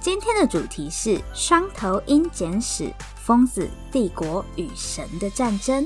今天的主題是《雙頭鷹簡史：瘋子、帝國與神的戰爭》。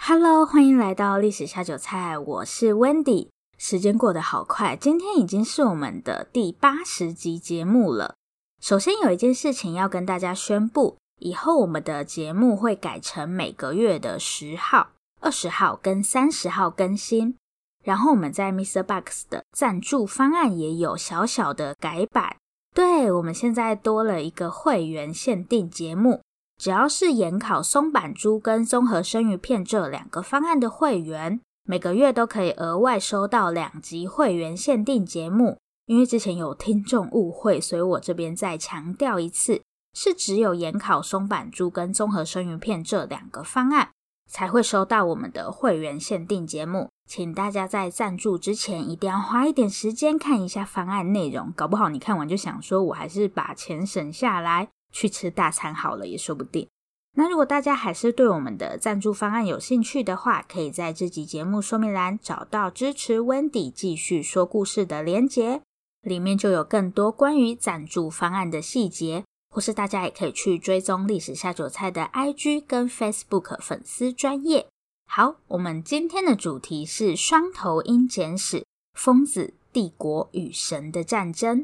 Hello，歡迎來到歷史下酒菜，我是 Wendy。時間過得好快，今天已經是我們的第八十集節目了。首先有一件事情要跟大家宣布，以後我們的節目會改成每個月的十號、二十號跟三十號更新。然後我們在 MixerBox 的贊助方案也有小小的改版。對，我們現在多了一個會員限定節目，只要是鹽烤松阪豬跟綜合生魚片這兩個方案的會員，每個月都可以額外收到兩集會員限定節目。因為之前有聽眾誤會，所以我這邊再強調一次，是只有鹽烤松阪豬跟綜合生魚片這兩個方案才會收到我們的會員限定節目。請大家在贊助之前，一定要花一點時間看一下方案內容。搞不好你看完就想說，我還是把錢省下來去吃大餐好了，也說不定。那如果大家還是對我們的贊助方案有興趣的話，可以在這集節目說明欄找到支持 Wendy 繼續說故事的連結，裡面就有更多關於贊助方案的細節。或是大家也可以去追蹤歷史下酒菜的 IG 跟 Facebook 粉絲專頁。好，我們今天的主題是《雙頭鷹簡史：瘋子帝國與神的戰爭》，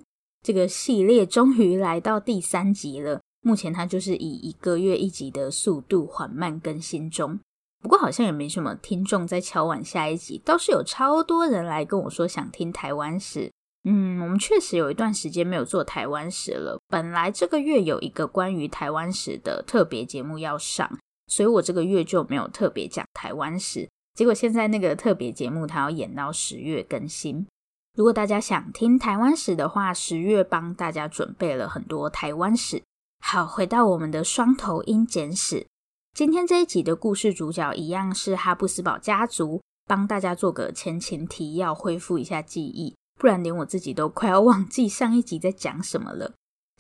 這個系列終於來到第三集了。目前它就是以一個月一集的速度緩慢更新中，不過好像也沒什麼聽眾在敲碗下一集，倒是有超多人來跟我說想聽台灣史。嗯，我們確實有一段時間沒有做台灣史了。本來這個月有一個關於台灣史的特別節目要上。所以我這個月就沒有特別講臺灣史，結果現在那個特別節目它要演到十月更新。如果大家想聽臺灣史的話，十月幫大家準備了很多臺灣史。好，回到我們的雙頭鷹簡史，今天這一集的故事主角一樣是哈布斯堡家族。幫大家做個前情提要，恢復一下記憶，不然連我自己都快要忘記上一集在講什麼了。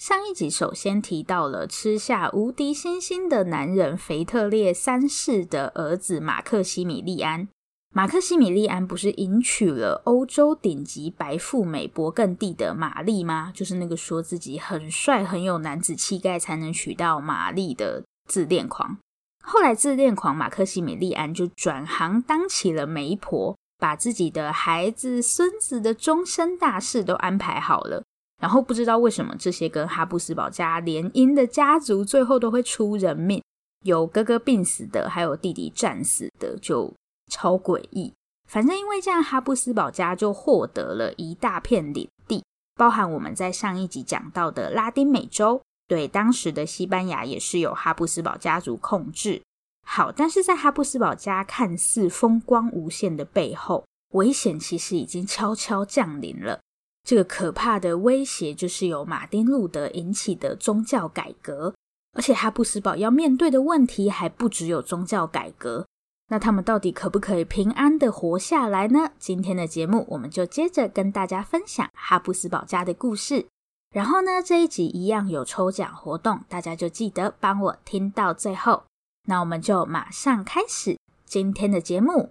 上一集首先提到了吃下無敵星星的男人，腓特烈三世的兒子馬克西米利安。馬克西米利安不是迎娶了歐洲頂級白富美勃艮第的瑪麗嗎？就是那個說自己很帥、很有男子氣概才能娶到瑪麗的自戀狂。後來，自戀狂馬克西米利安就轉行當起了媒婆，把自己的孩子、孫子的終身大事都安排好了。然後不知道為什麼，這些跟哈布斯堡家聯姻的家族，最後都會出人命，有哥哥病死的，還有弟弟戰死的，就超詭異。反正因為這樣，哈布斯堡家就獲得了一大片領地，包含我們在上一集講到的拉丁美洲。對當時的西班牙，也是由哈布斯堡家族控制。好，但是在哈布斯堡家看似風光無限的背後，危險其實已經悄悄降臨了。這個可怕的威脅就是由馬丁·路德引起的宗教改革，而且哈布斯堡要面對的問題還不只有宗教改革。那他們到底可不可以平安的活下來呢？今天的節目我們就接着跟大家分享哈布斯堡家的故事。然後呢，這一集一樣有抽獎活動，大家就記得幫我聽到最後。那我們就馬上開始今天的節目。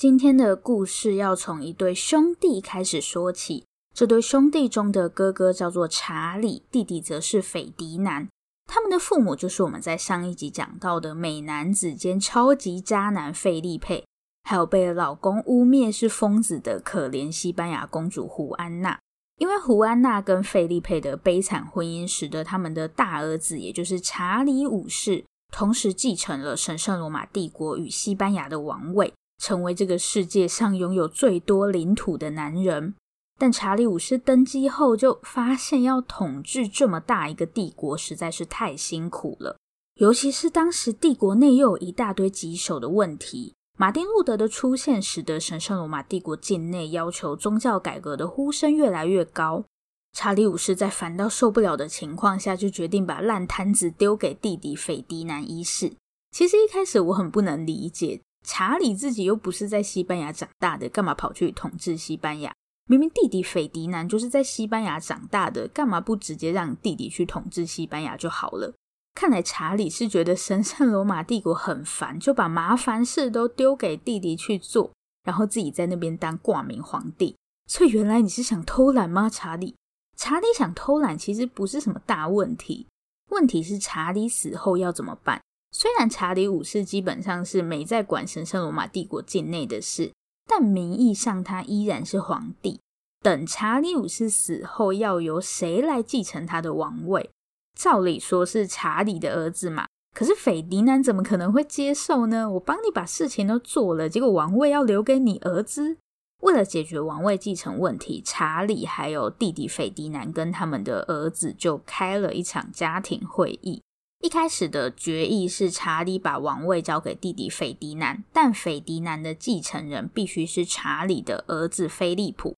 今天的故事要從一對兄弟開始說起。這對兄弟中的哥哥叫做查理，弟弟則是斐迪南。他們的父母就是我們在上一集講到的美男子兼超級渣男費利佩，還有被老公污蔑是瘋子的可憐西班牙公主胡安娜。因為胡安娜跟費利佩的悲慘婚姻，使得他們的大兒子，也就是查理五世，同時繼承了神聖羅馬帝國與西班牙的王位。成為這個世界上擁有最多領土的男人，但查理五世登基後就發現，要統治這麼大一個帝國實在是太辛苦了。尤其是當時帝國內又有一大堆棘手的問題。馬丁路德的出現，使得神聖羅馬帝國境內要求宗教改革的呼聲越來越高。查理五世在煩到受不了的情況下，就決定把爛攤子丟給弟弟斐迪南一世。其實一開始我很不能理解。查理自己又不是在西班牙長大的，幹嘛跑去統治西班牙？明明弟弟斐迪南就是在西班牙長大的，幹嘛不直接讓弟弟去統治西班牙就好了？看來查理是覺得神聖羅馬帝國很煩，就把麻煩事都丟給弟弟去做，然後自己在那邊當掛名皇帝。所以原來你是想偷懶嗎，查理？查理想偷懶其實不是什麼大問題，問題是查理死後要怎麼辦？雖然查理五世基本上是沒在管神聖羅馬帝國境內的事，但名義上他依然是皇帝。等查理五世死後，要由誰來繼承他的王位？照理說是查理的兒子嘛，可是斐迪南怎麼可能會接受呢？我幫你把事情都做了，結果王位要留給你兒子？為了解決王位繼承問題，查理還有弟弟斐迪南跟他們的兒子就開了一場家庭會議。一開始的決議是查理把王位交給弟弟斐迪南，但斐迪南的繼承人必須是查理的兒子菲利普。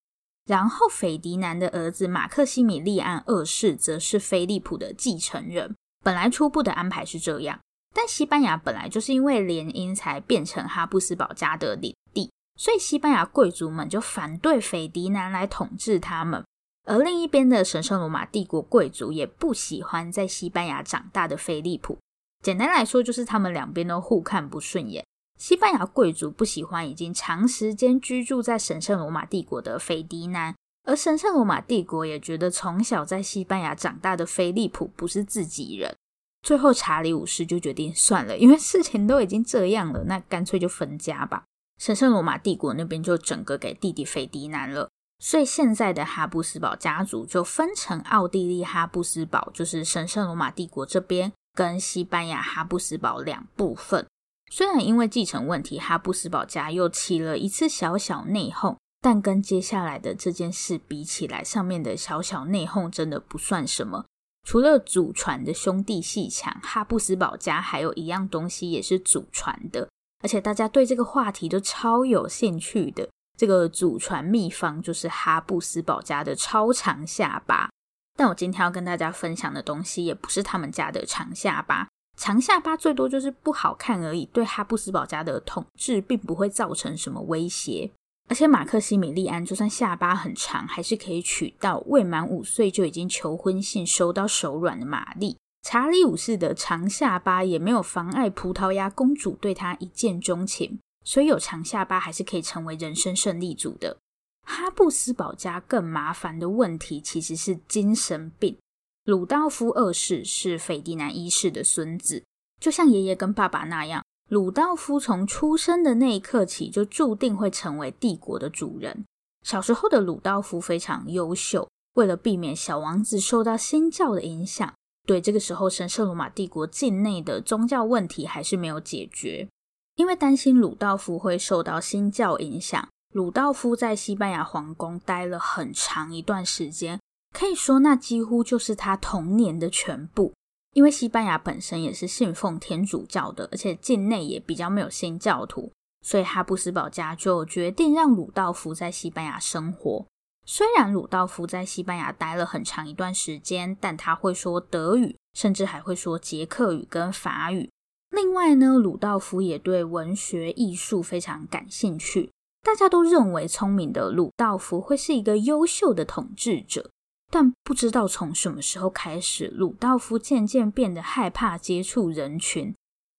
然後斐迪南的兒子馬克西米利安二世則是菲利普的繼承人。本來初步的安排是這樣，但西班牙本來就是因為聯姻才變成哈布斯堡家的領地，所以西班牙貴族們就反對斐迪南來統治他們。而另一邊的神聖羅馬帝國貴族也不喜歡在西班牙長大的菲利普。簡單來說，就是他們兩邊都互看不順眼。西班牙貴族不喜歡已經長時間居住在神聖羅馬帝國的斐迪南，而神聖羅馬帝國也覺得從小在西班牙長大的菲利普不是自己人。最後，查理五世就決定算了，因為事情都已經這樣了，那乾脆就分家吧。神聖羅馬帝國那邊就整個給弟弟斐迪南了。所以現在的哈布斯堡家族就分成奧地利哈布斯堡，就是神聖羅馬帝國這邊，跟西班牙哈布斯堡兩部分。雖然因為繼承問題，哈布斯堡家又起了一次小小內訌，但跟接下來的這件事比起來，上面的小小內訌真的不算什麼。除了祖傳的兄弟鬩牆，哈布斯堡家還有一樣東西也是祖傳的，而且大家對這個話題都超有興趣的。這個祖傳秘方就是哈布斯堡家的超長下巴，但我今天要跟大家分享的東西也不是他們家的長下巴。長下巴最多就是不好看而已，對哈布斯堡家的統治並不會造成什麼威脅。而且馬克西米利安就算下巴很長，還是可以娶到未滿五歲就已經求婚信收到手軟的瑪麗。查理五世的長下巴也沒有妨礙葡萄牙公主對他一見鍾情。所以有長下巴還是可以成為人生勝利組的。哈布斯堡家更麻煩的問題其實是精神病。魯道夫二世是斐迪南一世的孫子，就像爺爺跟爸爸那樣，魯道夫從出生的那一刻起就注定會成為帝國的主人。小時候的魯道夫非常優秀，為了避免小王子受到新教的影響，對這個時候神聖羅馬帝國境內的宗教問題還是沒有解決。因為擔心魯道夫會受到新教影響，魯道夫在西班牙皇宮待了很長一段時間，可以說那幾乎就是他童年的全部。因為西班牙本身也是信奉天主教的，而且境內也比較沒有新教徒，所以哈布斯堡家就決定讓魯道夫在西班牙生活。雖然魯道夫在西班牙待了很長一段時間，但他會說德語，甚至還會說捷克語跟法語。另外呢，魯道夫也對文學藝術非常感興趣。大家都認為聰明的魯道夫會是一個優秀的統治者，但不知道從什麼時候開始，魯道夫漸漸變得害怕接觸人群。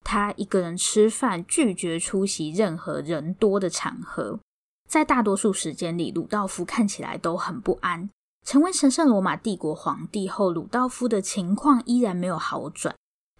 他一個人吃飯，拒絕出席任何人多的場合。在大多數時間裡，魯道夫看起來都很不安。成為神聖羅馬帝國皇帝後，魯道夫的情況依然沒有好轉。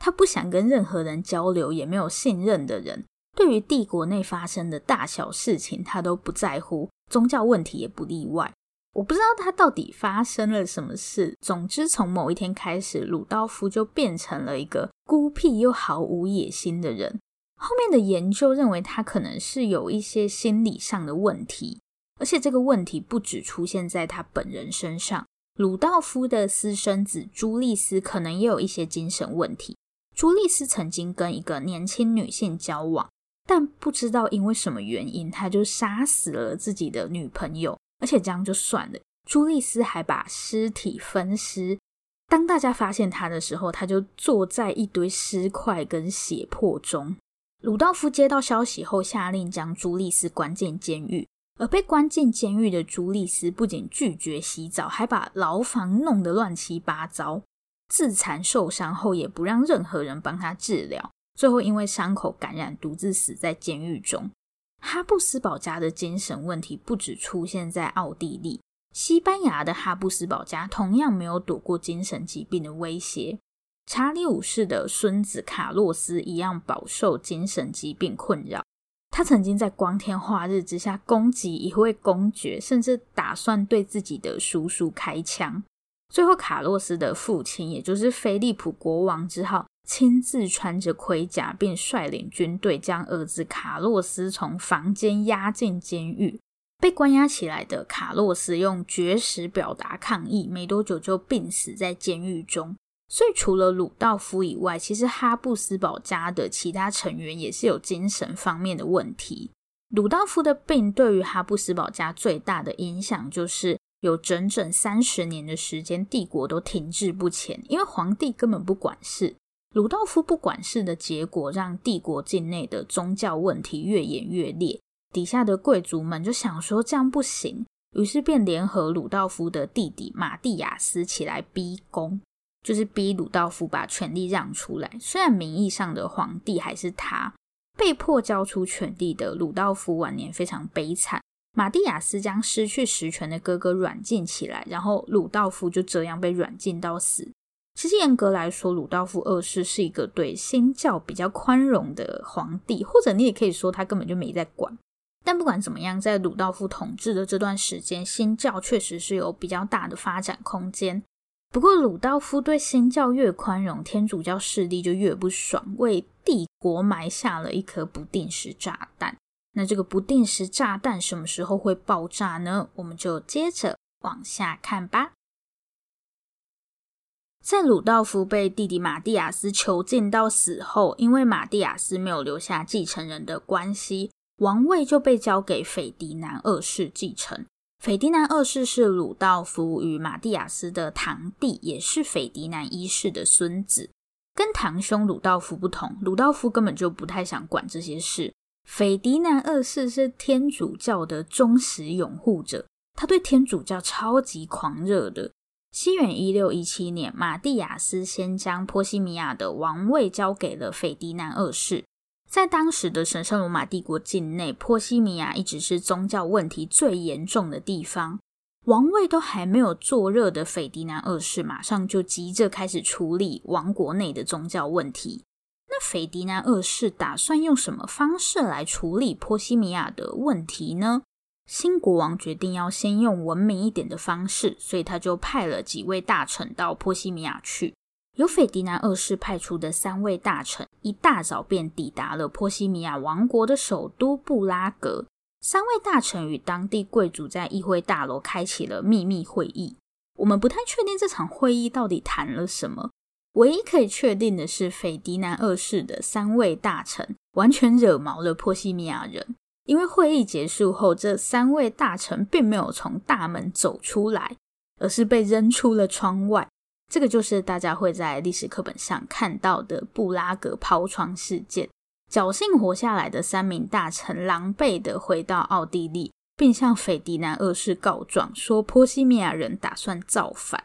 他不想跟任何人交流，也沒有信任的人。對於帝國內發生的大小事情，他都不在乎，宗教問題也不例外。我不知道他到底發生了什麼事。總之，從某一天開始，魯道夫就變成了一個孤僻又毫無野心的人。後面的研究認為，他可能是有一些心理上的問題，而且這個問題不只出現在他本人身上。魯道夫的私生子朱利斯可能也有一些精神問題。朱利斯曾經跟一個年輕女性交往，但不知道因為什麼原因，他就殺死了自己的女朋友，而且這樣就算了，朱利斯還把屍體分屍。當大家發現他的時候，他就坐在一堆屍塊跟血泊中。魯道夫接到消息後，下令將朱利斯關進監獄，而被關進監獄的朱利斯不僅拒絕洗澡，還把牢房弄得亂七八糟。自殘受傷後，也不讓任何人幫他治療，最後因為傷口感染，獨自死在監獄中。哈布斯堡家的精神問題不只出現在奧地利，西班牙的哈布斯堡家同樣沒有躲過精神疾病的威脅。查理五世的孫子卡洛斯一樣飽受精神疾病困擾，他曾經在光天化日之下攻擊一位公爵，甚至打算對自己的叔叔開槍。最後，卡洛斯的父親，也就是菲利普國王之後，親自穿着盔甲，並率領軍隊將兒子卡洛斯從房間押進監獄。被關押起來的卡洛斯用絕食表達抗議，沒多久就病死在監獄中。所以，除了魯道夫以外，其實哈布斯堡家的其他成員也是有精神方面的問題。魯道夫的病對於哈布斯堡家最大的影響就是。有整整三十年的時間，帝國都停滯不前，因為皇帝根本不管事。魯道夫不管事的結果，讓帝國境內的宗教問題越演越烈。底下的貴族們就想說這樣不行，於是便聯合魯道夫的弟弟馬蒂亞斯起來逼宮，就是逼魯道夫把權力讓出來。雖然名義上的皇帝還是他，被迫交出權力的魯道夫晚年非常悲慘。馬蒂亞斯將失去實權的哥哥軟禁起來，然後魯道夫就這樣被軟禁到死。其實嚴格來說，魯道夫二世是一個對新教比較寬容的皇帝，或者你也可以說他根本就沒在管。但不管怎麼樣，在魯道夫統治的這段時間，新教確實是有比較大的發展空間。不過魯道夫對新教越寬容，天主教勢力就越不爽，為帝國埋下了一顆不定時炸彈。那這個不定時炸彈什麼時候會爆炸呢？我們就接着往下看吧。在魯道夫被弟弟馬蒂亞斯囚禁到死後，因為馬蒂亞斯沒有留下繼承人的關係，王位就被交給斐迪南二世繼承。斐迪南二世是魯道夫與馬蒂亞斯的堂弟，也是斐迪南一世的孫子。跟堂兄魯道夫不同，魯道夫根本就不太想管這些事。斐迪南二世是天主教的忠實擁護者，他對天主教超級狂熱的。西元一六一七年，馬蒂亞斯先將波西米亞的王位交給了斐迪南二世。在當時的神聖羅馬帝國境內，波西米亞一直是宗教問題最嚴重的地方。王位都還沒有坐熱的斐迪南二世，馬上就急着開始處理王國內的宗教問題。那斐迪南二世打算用什麼方式來處理波西米亞的問題呢？新國王決定要先用文明一點的方式，所以他就派了幾位大臣到波西米亞去。由斐迪南二世派出的三位大臣一大早便抵達了波西米亞王國的首都布拉格。三位大臣與當地貴族在議會大樓開啟了祕密會議。我們不太確定這場會議到底談了什麼。唯一可以確定的是，斐迪南二世的三位大臣完全惹毛了波西米亞人，因為會議結束後，這三位大臣並沒有從大門走出來，而是被扔出了窗外。這個就是大家會在歷史課本上看到的布拉格拋窗事件。僥倖活下來的三名大臣狼狽地回到奧地利，並向斐迪南二世告狀，說波西米亞人打算造反。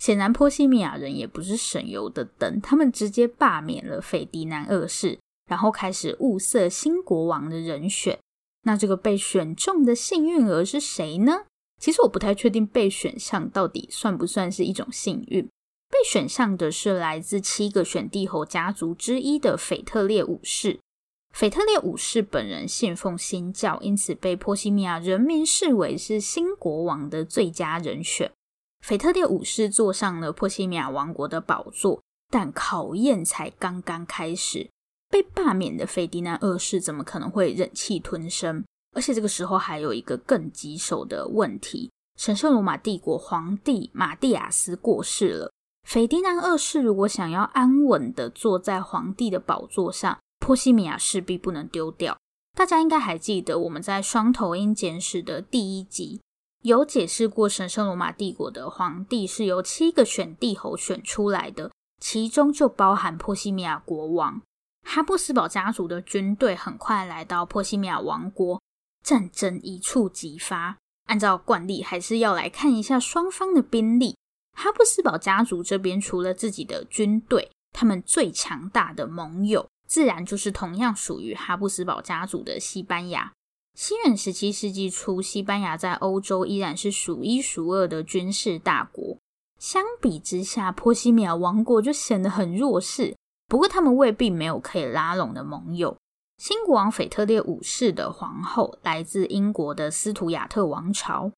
顯然，波西米亞人也不是省油的燈。他們直接罷免了斐迪南二世，然後開始物色新國王的人選。那這個被選中的幸運兒是誰呢？其實我不太確定，被選上到底算不算是一種幸運。被選上的是來自七個選帝侯家族之一的腓特烈五世。腓特烈五世本人信奉新教，因此被波西米亞人民視為是新國王的最佳人選。腓特烈五世坐上了波西米亞王國的寶座，但考驗才剛剛開始。被罷免的斐迪南二世怎麼可能會忍氣吞聲？而且這個時候還有一個更棘手的問題：神聖羅馬帝國皇帝馬蒂亞斯過世了。斐迪南二世如果想要安穩地坐在皇帝的寶座上，波西米亞勢必不能丟掉。大家應該還記得我們在《雙頭鷹簡史》的第一集。有解釋過，神聖羅馬帝國的皇帝是由七個選帝侯選出來的，其中就包含波西米亞國王。哈布斯堡家族的軍隊很快來到波西米亞王國，戰爭一觸即發。按照慣例，還是要來看一下雙方的兵力。哈布斯堡家族這邊除了自己的軍隊，他們最強大的盟友，自然就是同樣屬於哈布斯堡家族的西班牙。西元十七世紀初，西班牙在歐洲依然是數一數二的軍事大國。相比之下，波西米亞王國就顯得很弱勢。不過，他們未必沒有可以拉攏的盟友。新國王腓特烈五世的皇後來自英國的斯圖亞特王朝。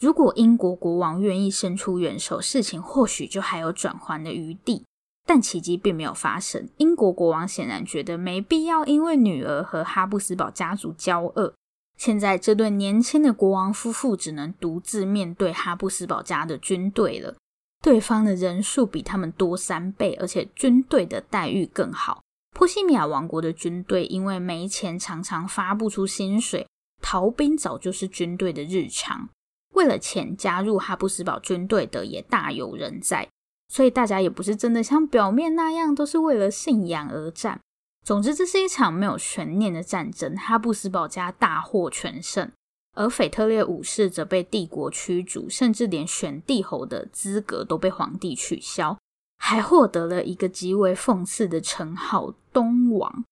如果英國國王願意伸出援手，事情或許就還有轉圜的餘地。但奇蹟並沒有發生。英國國王顯然覺得沒必要因為女兒和哈布斯堡家族交惡。現在，這對年輕的國王夫婦只能獨自面對哈布斯堡家的軍隊了。對方的人數比他們多三倍，而且軍隊的待遇更好。波西米亞王國的軍隊因為沒錢，常常發不出薪水，逃兵早就是軍隊的日常。為了錢加入哈布斯堡軍隊的也大有人在，所以大家也不是真的像表面那樣都是為了信仰而戰。總之，這是一場沒有懸念的戰爭，哈布斯堡家大獲全勝，而腓特烈五世則被帝國驅逐，甚至連選帝侯的資格都被皇帝取消，還獲得了一個極為諷刺的稱號“冬王”。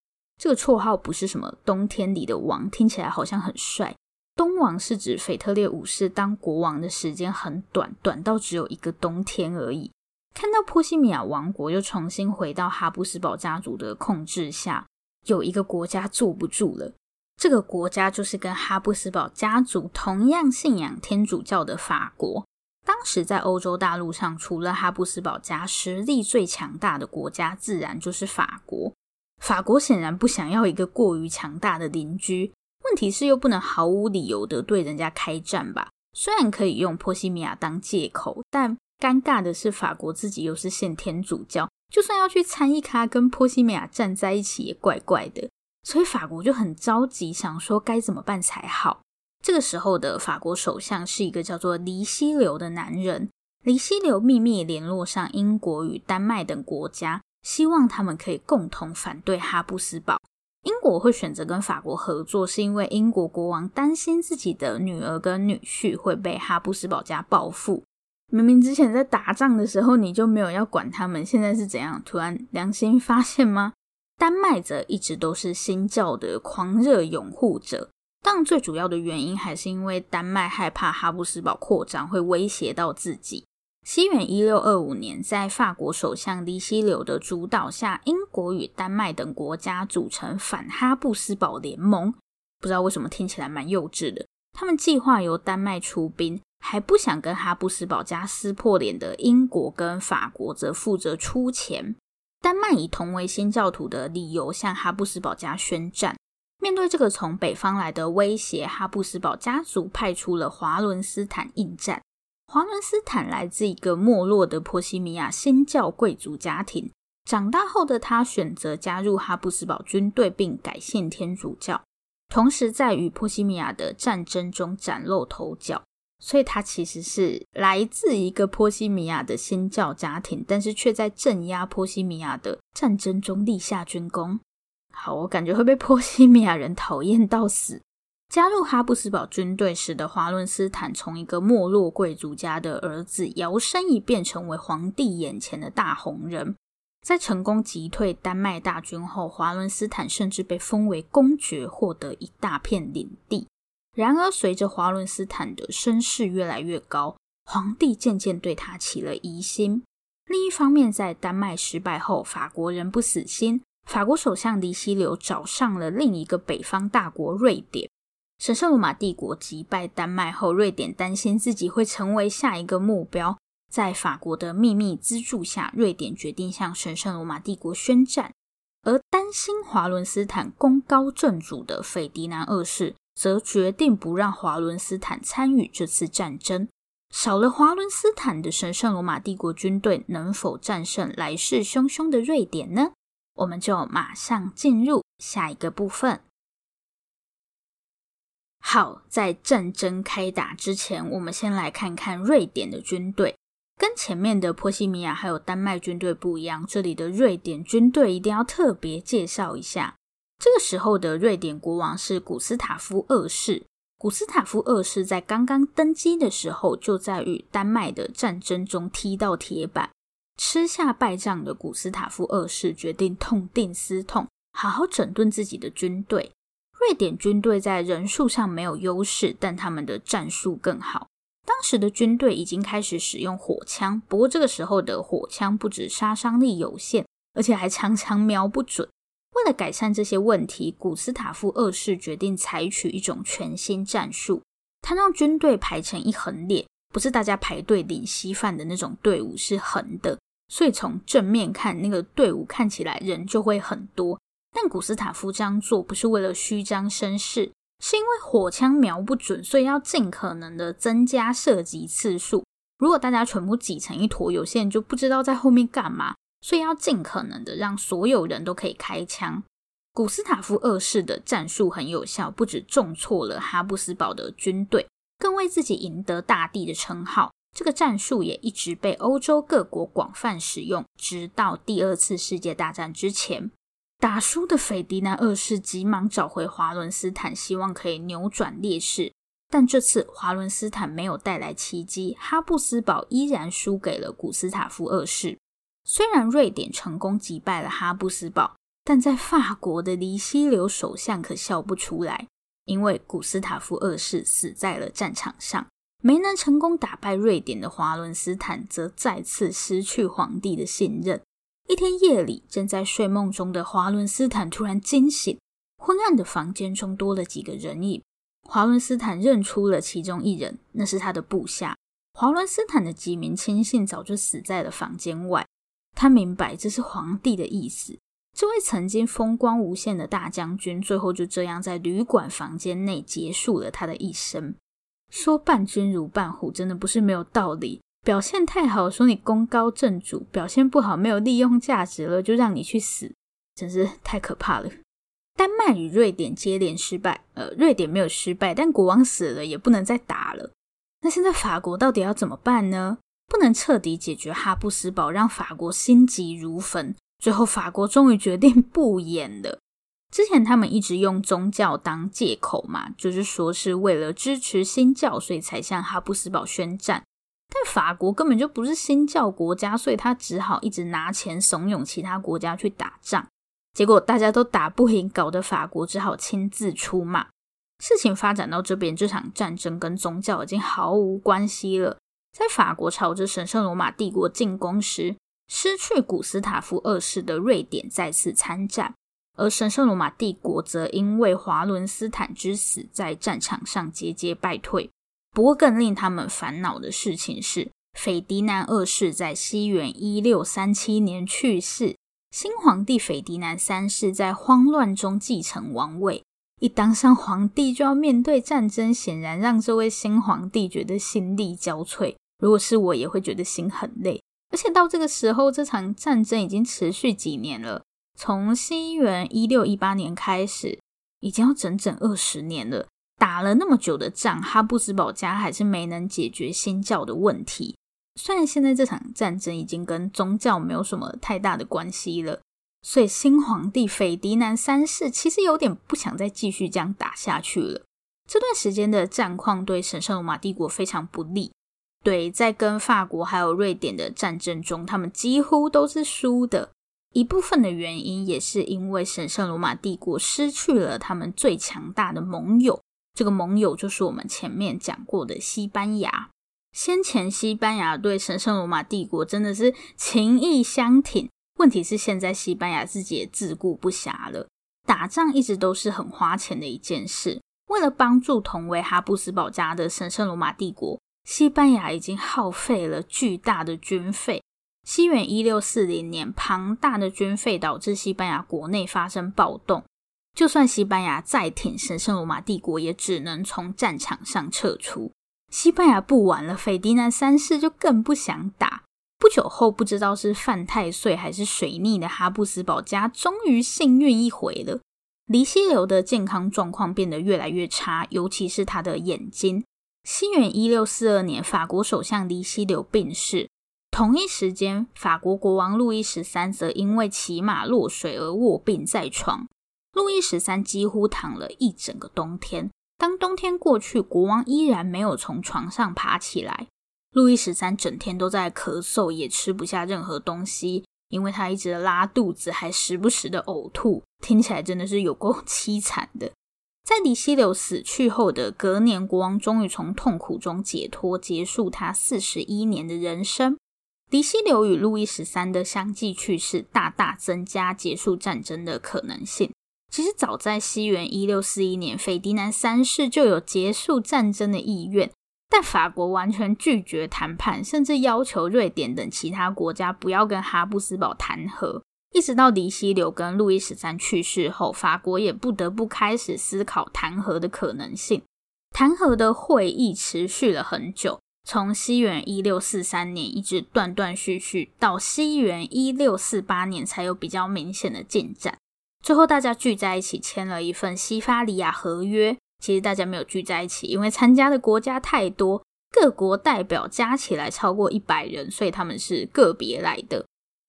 這個綽號不是什麼冬天裡的王，聽起來好像很帥。冬王是指腓特烈五世當國王的時間很短，短到只有一個冬天而已。看到波西米亞王國又重新回到哈布斯堡家族的控制下，有一個國家坐不住了。這個國家就是跟哈布斯堡家族同樣信仰天主教的法國。當時在歐洲大陸上，除了哈布斯堡家實力最強大的國家，自然就是法國。法國顯然不想要一個過於強大的鄰居，問題是又不能毫無理由地對人家開戰吧？雖然可以用波西米亞當借口，但。尷尬的是，法國自己又是信天主教，就算要去參一腳跟波西米亞站在一起，也怪怪的。所以法國就很着急，想說該怎麼辦才好。這個時候的法國首相是一個叫做黎希留的男人。黎希留秘密聯絡上英國與丹麥等國家，希望他們可以共同反對哈布斯堡。英國會選擇跟法國合作，是因為英國國王擔心自己的女兒跟女婿會被哈布斯堡家報復。明明之前在打仗的時候你就沒有要管他們，現在是怎樣？突然良心發現嗎？丹麥則一直都是新教的狂熱擁護者，但最主要的原因還是因為丹麥害怕哈布斯堡擴張會威脅到自己。西元一六二五年，在法國首相黎希留的主導下，英國與丹麥等國家組成反哈布斯堡聯盟。不知道為什麼聽起來蠻幼稚的。他們計劃由丹麥出兵。還不想跟哈布斯堡家撕破臉的英國跟法國則負責出錢。丹麥以同為新教徒的理由向哈布斯堡家宣戰。面對這個從北方來的威脅，哈布斯堡家族派出了華倫斯坦應戰。華倫斯坦來自一個沒落的波西米亞新教貴族家庭，長大後的他選擇加入哈布斯堡軍隊並改信天主教，同時在與波西米亞的戰爭中嶄露頭角。所以他其實是來自一個波西米亞的新教家庭，但是卻在鎮壓波西米亞的戰爭中立下軍功。好，我感覺會被波西米亞人討厭到死。加入哈布斯堡軍隊，使得華倫斯坦從一個沒落貴族家的兒子，搖身一變成為皇帝眼前的大紅人。在成功擊退丹麥大軍後，華倫斯坦甚至被封為公爵，獲得一大片領地。然而，隨着華倫斯坦的聲勢越來越高，皇帝漸漸對他起了疑心。另一方面，在丹麥失敗後，法國人不死心。法國首相黎希留找上了另一個北方大國——瑞典。神聖羅馬帝國擊敗丹麥後，瑞典擔心自己會成為下一個目標。在法國的秘密資助下，瑞典決定向神聖羅馬帝國宣戰。而擔心華倫斯坦功高震主的斐迪南二世。則決定不讓華倫斯坦參與這次戰爭。少了華倫斯坦的神聖羅馬帝國軍隊，能否戰勝來勢洶洶的瑞典呢？我們就馬上進入下一個部分。好，在戰爭開打之前，我們先來看看瑞典的軍隊。跟前面的波西米亞還有丹麥軍隊不一樣，這裡的瑞典軍隊一定要特別介紹一下。這個時候的瑞典國王是古斯塔夫二世。古斯塔夫二世在剛剛登基的時候，就在與丹麥的戰爭中踢到鐵板，吃下敗仗的古斯塔夫二世決定痛定思痛，好好整頓自己的軍隊。瑞典軍隊在人數上沒有優勢，但他們的戰術更好。當時的軍隊已經開始使用火槍，不過這個時候的火槍不止殺傷力有限，而且還常常瞄不準。為了改善這些問題，古斯塔夫二世決定採取一種全新戰術。他讓軍隊排成一橫列，不是大家排隊領稀飯的那種隊伍是橫的，所以從正面看，那個隊伍看起來人就會很多。但古斯塔夫這樣做不是為了虛張聲勢，是因為火槍瞄不準，所以要儘可能的增加射擊次數。如果大家全部擠成一坨，有些人就不知道在後面幹嘛。所以要盡可能的讓所有人都可以開槍。古斯塔夫二世的戰術很有效，不只重挫了哈布斯堡的軍隊，更為自己贏得大帝的稱號。這個戰術也一直被歐洲各國廣泛使用，直到第二次世界大戰之前。打輸的斐迪南二世急忙找回華倫斯坦，希望可以扭轉劣勢，但這次華倫斯坦沒有帶來奇蹟，哈布斯堡依然輸給了古斯塔夫二世。雖然瑞典成功擊敗了哈布斯堡，但在法國的黎希留首相可笑不出來，因為古斯塔夫二世死在了戰場上，沒能成功打敗瑞典的華倫斯坦，則再次失去皇帝的信任。一天夜裡，正在睡夢中的華倫斯坦突然驚醒，昏暗的房間中多了幾個人影。華倫斯坦認出了其中一人，那是他的部下。華倫斯坦的幾名親信早就死在了房間外。他明白這是皇帝的意思。這位曾經風光無限的大將軍，最後就這樣在旅館房間內結束了他的一生。說伴君如伴虎，真的不是沒有道理。表現太好，說你功高震主；表現不好，沒有利用價值了，就讓你去死，真是太可怕了。丹麥與瑞典接連失敗，呃，瑞典沒有失敗，但國王死了，也不能再打了。那現在法國到底要怎麼辦呢？不能徹底解決哈布斯堡，讓法國心急如焚。最後，法國終於決定不演了。之前他們一直用宗教當借口嘛，就是說是為了支持新教，所以才向哈布斯堡宣戰。但法國根本就不是新教國家，所以他只好一直拿錢慫恿其他國家去打仗。結果大家都打不贏，搞得法國只好親自出馬。事情發展到這邊，這場戰爭跟宗教已經毫無關係了。在法國朝着神聖羅馬帝國進攻時，失去古斯塔夫二世的瑞典再次參戰，而神聖羅馬帝國則因為華倫斯坦之死在戰場上節節敗退。不過，更令他們煩惱的事情是，斐迪南二世在西元一六三七年去世，新皇帝斐迪南三世在慌亂中繼承王位，一當上皇帝就要面對戰爭，顯然讓這位新皇帝覺得心力交瘁。如果是我，也會覺得心很累。而且到這個時候，這場戰爭已經持續幾年了，從西元一六一八年開始，已經要整整二十年了。打了那麼久的仗，哈布斯堡家還是沒能解決新教的問題。雖然現在這場戰爭已經跟宗教沒有什麼太大的關係了，所以新皇帝斐迪南三世其實有點不想再繼續這樣打下去了。這段時間的戰況對神聖羅馬帝國非常不利。對，在跟法國還有瑞典的戰爭中，他們幾乎都是輸的。一部分的原因也是因為神聖羅馬帝國失去了他們最強大的盟友，這個盟友就是我們前面講過的西班牙。先前西班牙對神聖羅馬帝國真的是情義相挺，問題是現在西班牙自己也自顧不暇了。打仗一直都是很花錢的一件事，為了幫助同為哈布斯堡家的神聖羅馬帝國。西班牙已經耗費了巨大的軍費。西元一六四零年，龐大的軍費導致西班牙國內發生暴動。就算西班牙再挺神聖羅馬帝國，也只能從戰場上撤出。西班牙不玩了，斐迪南三世就更不想打。不久後，不知道是犯太歲還是水逆的哈布斯堡家，終於幸運一回了。黎希留的健康狀況變得越來越差，尤其是他的眼睛。西元一六四二年，法國首相黎希留病逝。同一時間，法國國王路易十三則因為騎馬落水而臥病在床。路易十三幾乎躺了一整個冬天。當冬天過去，國王依然沒有從床上爬起來。路易十三整天都在咳嗽，也吃不下任何東西，因為他一直拉肚子，還時不時的嘔吐。聽起來真的是有夠淒慘的。在黎希留死去後的隔年，國王終於從痛苦中解脫，結束他四十一年的人生。黎希留與路易十三的相繼去世，大大增加結束戰爭的可能性。其實早在西元一六四一年，斐迪南三世就有結束戰爭的意願，但法國完全拒絕談判，甚至要求瑞典等其他國家不要跟哈布斯堡談和。一直到黎希留跟路易十三去世後，法國也不得不開始思考談和的可能性。談和的會議持續了很久，從西元一六四三年一直斷斷續續到西元一六四八年才有比較明顯的進展。最後大家聚在一起簽了一份《西法里亞和約》。其實大家沒有聚在一起，因為參加的國家太多，各國代表加起來超過一百人，所以他們是個別來的。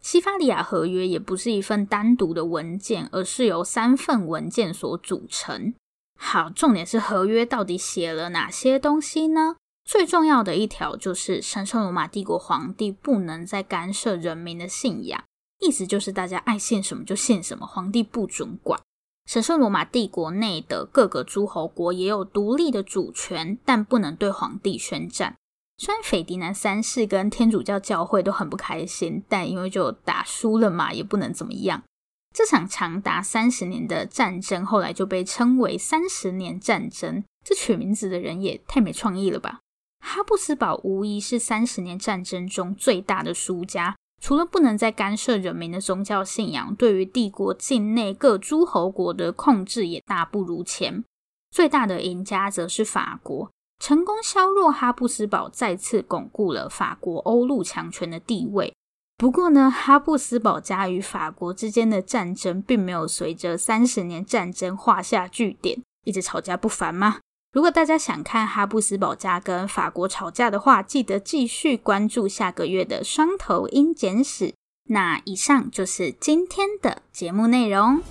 西法利亞合約也不是一份單獨的文件，而是由三份文件所組成。好，重點是合約到底寫了哪些東西呢？最重要的一條就是神聖羅馬帝國皇帝不能再干涉人民的信仰，意思就是大家愛信什麼就信什麼，皇帝不准管。神聖羅馬帝國內的各個諸侯國也有獨立的主權，但不能對皇帝宣戰。雖然斐迪南三世跟天主教教會都很不開心，但因為就打輸了嘛，也不能怎麼樣。這場長達三十年的戰爭，後來就被稱為“三十年戰爭”。這取名字的人也太沒創意了吧！哈布斯堡無疑是三十年戰爭中最大的輸家，除了不能再干涉人民的宗教信仰，對於帝國境內各諸侯國的控制也大不如前。最大的贏家則是法國。成功削弱哈布斯堡，再次鞏固了法國歐陸強權的地位。不過呢，哈布斯堡家與法國之間的戰爭並沒有隨着三十年戰爭畫下句點，一直吵架不煩嗎？如果大家想看哈布斯堡家跟法國吵架的話，記得繼續關注下個月的雙頭鷹簡史。那以上就是今天的節目內容。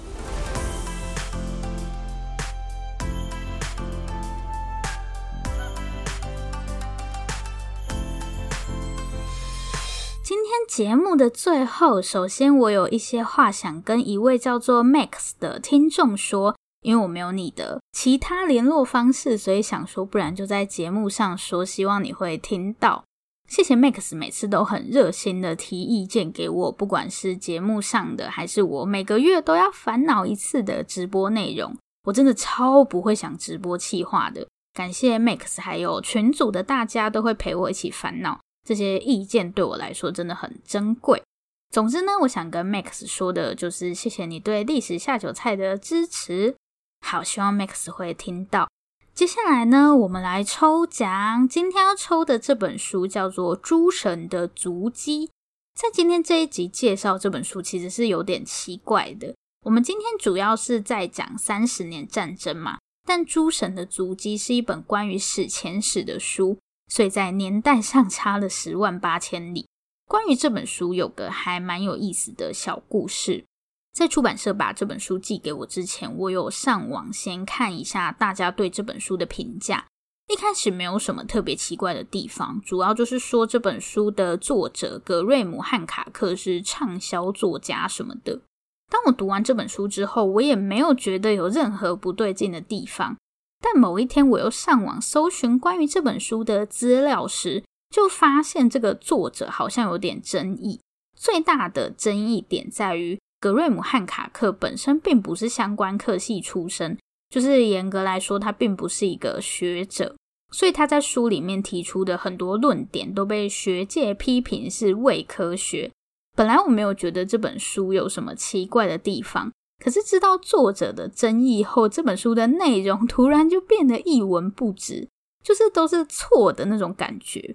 今天節目的最後，首先我有一些話想跟一位叫做 Max 的聽眾說，因為我沒有你的其他聯絡方式，所以想說，不然就在節目上說，希望你會聽到。謝謝 Max，每次都很熱心的提意見給我，不管是節目上的，還是我每個月都要煩惱一次的直播內容，我真的超不會想直播企劃的。感謝 Max，還有群組的大家都會陪我一起煩惱。這些意見對我來說真的很珍貴。總之呢，我想跟 Max 說的就是謝謝你對歷史下酒菜的支持。好，希望 Max 會聽到。接下來呢，我們來抽獎。今天要抽的這本書叫做《諸神的足跡》。在今天這一集介紹這本書，其實是有點奇怪的。我們今天主要是在講三十年戰爭嘛，但《諸神的足跡》是一本關於史前史的書。所以在年代上差了十萬八千里。關於這本書，有個還蠻有意思的小故事。在出版社把這本書寄給我之前，我有上網先看一下大家對這本書的評價。一開始沒有什麼特別奇怪的地方，主要就是說這本書的作者格瑞姆漢卡克是暢銷作家什麼的。當我讀完這本書之後，我也沒有覺得有任何不對勁的地方。但某一天，我又上網搜尋關於這本書的資料時，就發現這個作者好像有點爭議。最大的爭議點在於，格瑞姆漢卡克本身並不是相關科系出身，就是嚴格來說，他並不是一個學者，所以他在書裡面提出的很多論點都被學界批評是偽科學。本來我沒有覺得這本書有什麼奇怪的地方。可是知道作者的爭議後，這本書的內容突然就變得一文不值，就是都是錯的那種感覺。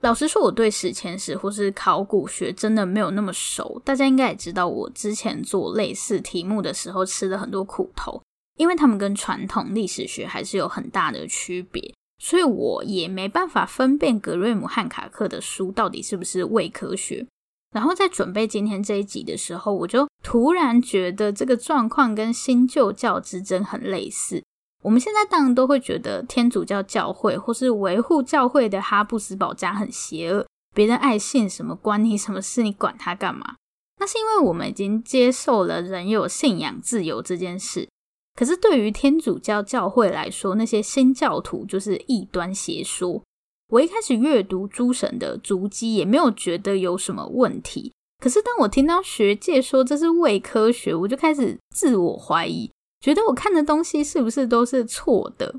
老實說，我對史前史或是考古學真的沒有那麼熟。大家應該也知道，我之前做類似題目的時候吃了很多苦頭，因為他們跟傳統歷史學還是有很大的區別，所以我也沒辦法分辨格瑞姆漢卡克的書到底是不是偽科學。然後在準備今天這一集的時候，我就突然覺得這個狀況跟新舊教之爭很類似。我們現在當然都會覺得天主教教會或是維護教會的哈布斯堡家很邪惡，別人愛信什麼關你什麼事，你管他幹嘛？那是因為我們已經接受了人有信仰自由這件事。可是對於天主教教會來說，那些新教徒就是異端邪說。我一開始閱讀《諸神的足跡》也沒有覺得有什麼問題，可是當我聽到學界說這是偽科學，我就開始自我懷疑，覺得我看的東西是不是都是錯的？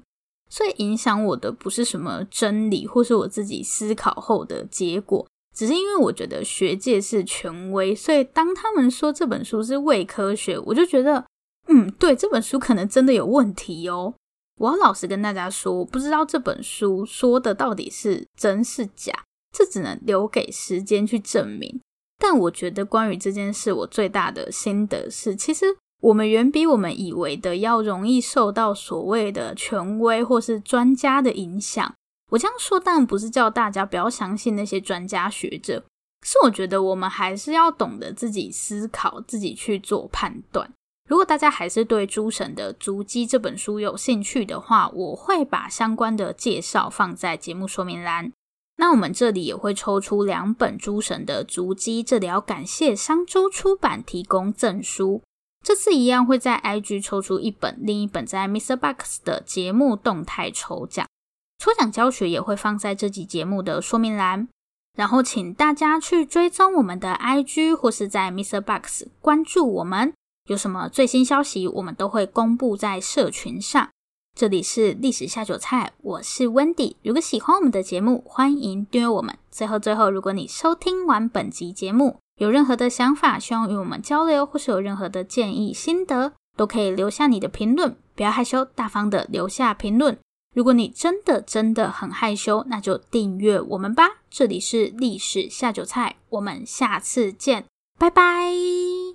所以影響我的不是什麼真理，或是我自己思考後的結果，只是因為我覺得學界是權威，所以當他們說這本書是偽科學，我就覺得，嗯，對，這本書可能真的有問題哦、喔。我要老實跟大家說，我不知道這本書說的到底是真是假，這只能留給時間去證明。但我覺得關於這件事，我最大的心得是，其實我們遠比我們以為的要容易受到所謂的權威或是專家的影響。我這樣說，當然不是叫大家不要相信那些專家學者，是我覺得我們還是要懂得自己思考，自己去做判斷。如果大家還是對《諸神的足跡》這本書有興趣的話，我會把相關的介紹放在節目說明欄。那我們這裡也會抽出兩本《諸神的足跡》，這裡要感謝商周出版提供贈書。這次一樣會在 IG 抽出一本，另一本在 MixerBox 的節目動態抽獎。抽獎教學也會放在這集節目的說明欄。然後請大家去追蹤我們的 IG，或是在 MixerBox 關注我們。有什麼最新消息，我們都會公布在社群上。這裡是歷史下酒菜，我是 Wendy。如果喜歡我們的節目，歡迎訂閱我們。最後，最後，如果你收聽完本集節目，有任何的想法，希望與我們交流，或是有任何的建議、心得，都可以留下你的評論。不要害羞，大方的留下評論。如果你真的真的很害羞，那就訂閱我們吧。這裡是歷史下酒菜，我們下次見，拜拜。